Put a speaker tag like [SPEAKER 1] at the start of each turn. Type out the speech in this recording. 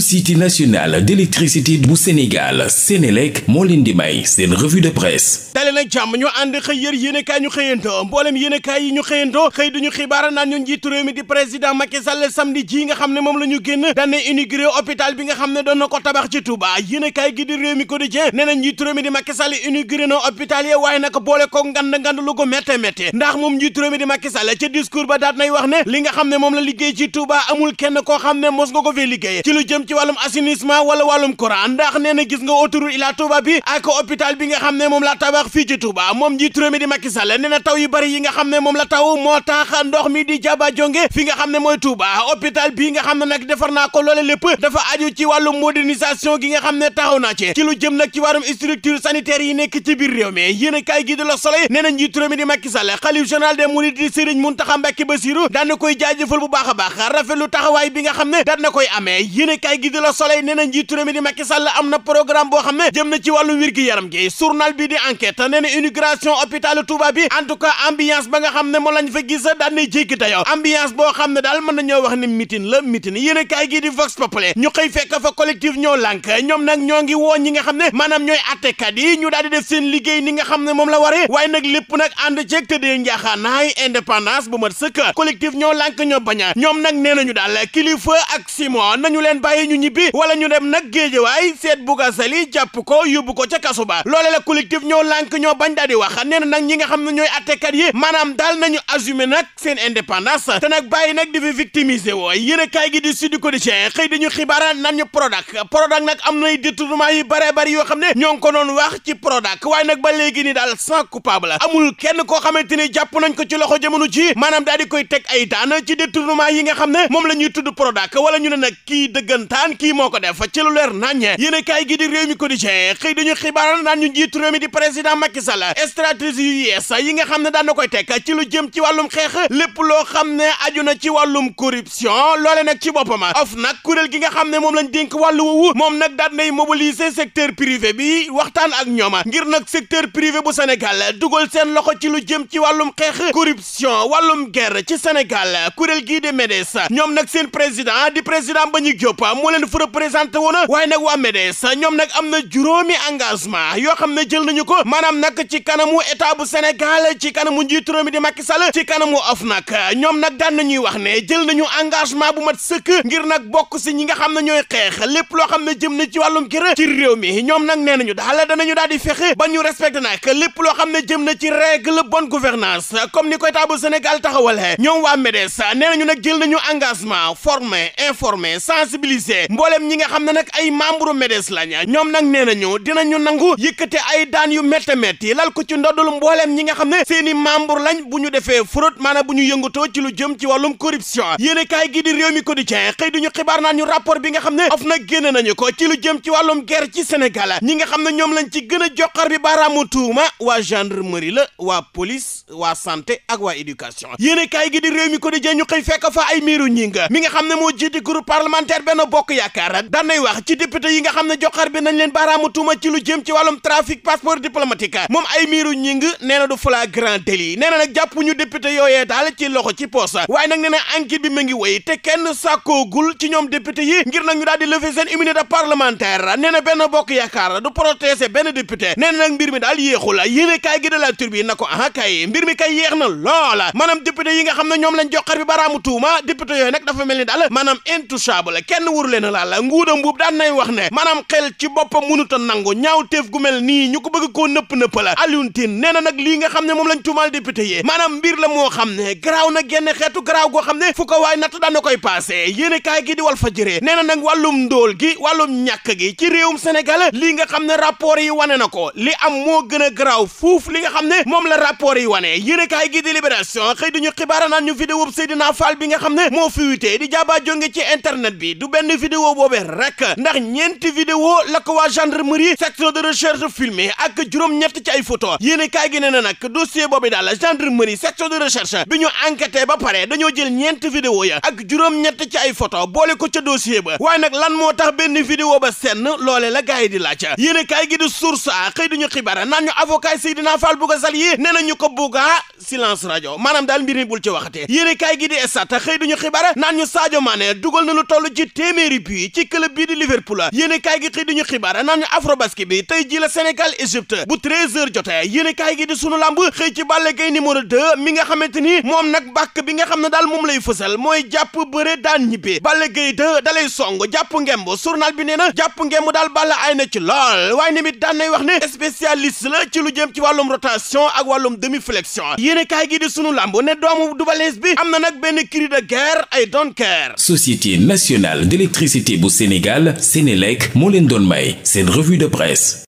[SPEAKER 1] société nationale d'électricité bu Sénégal Sénélec moo leen di may seen revue de presse dale nag ñu ànd xëy yër yéenekaay ñu xëyantoo mboolem yéenekaay yi ñu xëyantoo xëy duñu xibaara naan ñu njiitu réew mi di président Macky Sall samedi nga xam ne moom la ñu génn dana inauguré hôpital bi nga xam ne doon na ko tabax ci Touba yéenekaay gi di réew mi quotidien nee na njiitu réew mi di Macky Sall na hôpital yi waaye nag boole ko ngand ngand moom njiitu réew mi di Macky Sall jëm ci wàllum assainissement wala wàllum courant ndax nee na gis nga autoroute Ila Touba bi ak hôpital bi nga xam ne moom la tabax fii ci Touba moom njiitu réew mi di Macky Sall nee na taw bari yi nga xam ne moom la taw moo tax ndox mi di jaba jonge fi nga xam ne mooy Touba hôpital bi nga xam ne nag defar naa ko loole lépp dafa aju ci wàllum modernisation gi nga xam ne taxaw naa ci ci jëm nag ci wàllum structure sanitaire yi nekk ci biir réew mi yéen kaay gi di Le Soleil nee na njiitu réew mi di Macky Sall xalif général des mourides di Serigne Mountakha Mbacké Bassirou baax a baax taxawaay bi nga xam ne daan na koy amee kaay gi di la Soleil nee na mi di Macky Sall am na programme boo xam ne jëm na ci wàllu wér yaram gi journal bi di enquête nee na inauguration hôpital bi en tout ba nga xam ne moom lañ fa gis daan na jékki tayoo ambiance boo xam ne daal mën nañoo wax ne meeting la meeting yéen a kaay Vox Populi ñu xëy fekk fa collectif ñoo lànk ñoom ñoo ngi woo ñi nga ñu daal la kilifa ak Simon nañu leen bàyyi bàyyi ñu ñibbi wala ñu dem nag géejewaay seet Bouga Sali jàpp ko yóbbu ko ca kasu ba loole la collectif ñoo lànk ñoo bañ daal di wax nee na nag ñi nga xam ne ñooy attekat yi maanaam daal nañu assumer nag seen indépendance te nag bàyyi nag di fi victimiser woo yéen kaay gi di Sud Quotidien xëy dañu xibaara nan ñu Prodac Prodac nag am nay détournement yu bare bari yoo xam ne ñoo ngi ko doon wax ci Prodac waaye nag ba léegi ni daal sans coupable amul kenn koo xamante ni jàpp nañ ko ci loxo jamono ji maanaam daal di koy teg ay daan ci yi nga xam ne moom la ñuy tudd Prodac wala ñu ne nag kii dëggan melentaan kii moo ko def ci lu leer naññe yéen a gi di réew mi quotidien xëy dañu xibaar naan ñu njiitu réew mi di président Macky Sall stratégie yu yees yi nga xam ne daan na koy teg ci lu jëm ci wàllum xeex lépp loo xam ne aju na ci wàllum corruption loole nag ci boppam of nag kuréel gi nga xam ne moom la lañ dénk wàllu woowu moom nag daan nay mobiliser secteur privé bi waxtaan ak ñoom ngir nag secteur privé bu Sénégal dugal seen loxo ci lu jëm ci wàllum xeex corruption wàllum guerre ci Sénégal kuréel gii de MEDES ñoom nag seen président di président Mbagnick Diop moo leen fu représenté woon waaye nag waa MEDES ñoom nag am na juróomi engagement yoo xam ne jël nañu ko maanaam nag ci kanamu état bu Sénégal ci kanamu njiitu réew di Macky Sall ci kanamu OFNAC ñoom nag daan nañuy wax ne jël nañu engagement bu mat sëkk ngir nag bokk si ñi nga xam ne ñooy xeex lépp loo xam ne jëm na ci wàllum kër ci réew ñoom nag nee nañu daal danañu daal di fexe ba ñu respecté nag lépp loo xam ne jëm na ci règle bonne gouvernance comme ni ko état bu Sénégal taxawalee ñoom waa MEDES nee nañu nag jël nañu engagement former informer sensibiliser Cissé mboolem ñi nga xam ne nag ay membre MEDES lañu ñoom nag nee nañu ñu nangu yëkkate ay daan yu métti yi lal ko ci ndoddul mbooleem ñi nga xam ne seen i membre lañ bu ñu defee fraude maanaam bu ñu yëngatoo ci lu jëm ci wàllum corruption yéene kaay gi di réew mi quotidien xëy duñu xibaar naan ñu rapport bi nga xam ne of nag génne nañu ko ci lu jëm ci wàllum guerre ci Sénégal ñi nga xam ne ñoom lañ ci gën a joxar bi baaraamu tuuma waa gendarmerie la waa police waa santé ak waa éducation yéene kaay gi di réew mi quotidien ñu fekk fa nga xam ne moo jiite groupe parlementaire benn bokk yaakaar ak wax ci député yi nga xam ne joxar bi nañ leen baaraamu tuuma ci lu jëm ci wàllum trafic passeport diplomatique moom ay miiru ñi ngi nee na du flagrant délit na nag jàpp ñu député yooyee daal ci loxo ci poosa waaye nag nee na enquête bi mu ngi wéy te kenn sàkkoogul ci ñoom député yi ngir nag ñu daal di lever seen immunité parlementaire nee na benn bokk yaakaar du protéger benn député nee daal yéexu la yéene kaay gi de la na ko ah kay mbir mi kay yéex na loola maanaam député yi nga xam ne ñoom lañ joxar bi baaraamu tuuma député yooyu nag dafa mel wóor leen la la nguuda mbuub daan nay wax ne maanaam xel ci boppam mënuta nangu ñaaw teef gu mel nii ñu ko bëgg koo nëpp nëpp la Alioune Tine nee na nag lii nga xam ne moom lañ tuumaal député yi maanaam mbir la moo xam ne garaaw na genn xeetu garaaw goo xam ne fu ko waay natt na koy passé yéene kaay gi di wal fa jëree nee na nag wàllum ndóol gi wàllum ñàkk gi ci réewum Sénégal lii nga xam ne rapport yi wane na ko a garaaw li nga xam ne moom la rapport yi wane yéene kaay gi di libération xëy dañu xibaara naan ñu bi nga xam ne moo fi wutee benn vidéo boobee rek ndax ñeenti vidéo la ko waa gendarmerie section de recherche filmé ak juróom-ñett ci ay photo yéene kaay gi nee na nag dossier boobi daal gendarmerie section de recherche bi ñu enquêté ba pare dañoo jël ñeenti vidéo ya ak juróom-ñett ci ay photo boole ko ca dossier ba waaye nag lan moo tax benn vidéo ba senn loole la gars yi di laaj yéene kaay gi di source xëy duñu xibaar naan ñu avocat Seydina Fall Bougazelli nee na ñu ko Bouga silence rajo maanaam daal mbir mi bul ci waxatee yéene kaay gi di estat xëy duñu xibaar naan ñu Sadio Mané dugal na lu toll ci téeméeri bi ci club bii di Liverpool yéene kaay gi xëy ñu xibaar naan ñu Afrobasket bi tey ji la Sénégal Égypte bu 13h jotee yéene kaay gi di sunu lamb xëy ci Balla Gaye numéro 2 mi nga xamante ni moom nag bakk bi nga xam ne daal moom lay fësal mooy jàpp bëre daan ñibbi Balla Gaye 2 dalay song jàpp ngemb journal bi nee na jàpp ngemb daal Balla ay na ci lool waaye tamit daan nay wax ne spécialiste la ci lu jëm ci wàllum rotation ak wàllum demi flexion yéene kaay gi di sunu lamb ne doomu dubalees bi am na nag benn cri de guerre ay don't care. société nationale d'électricité bu Sénégal Sénélec moo leen doon may seen revue de presse.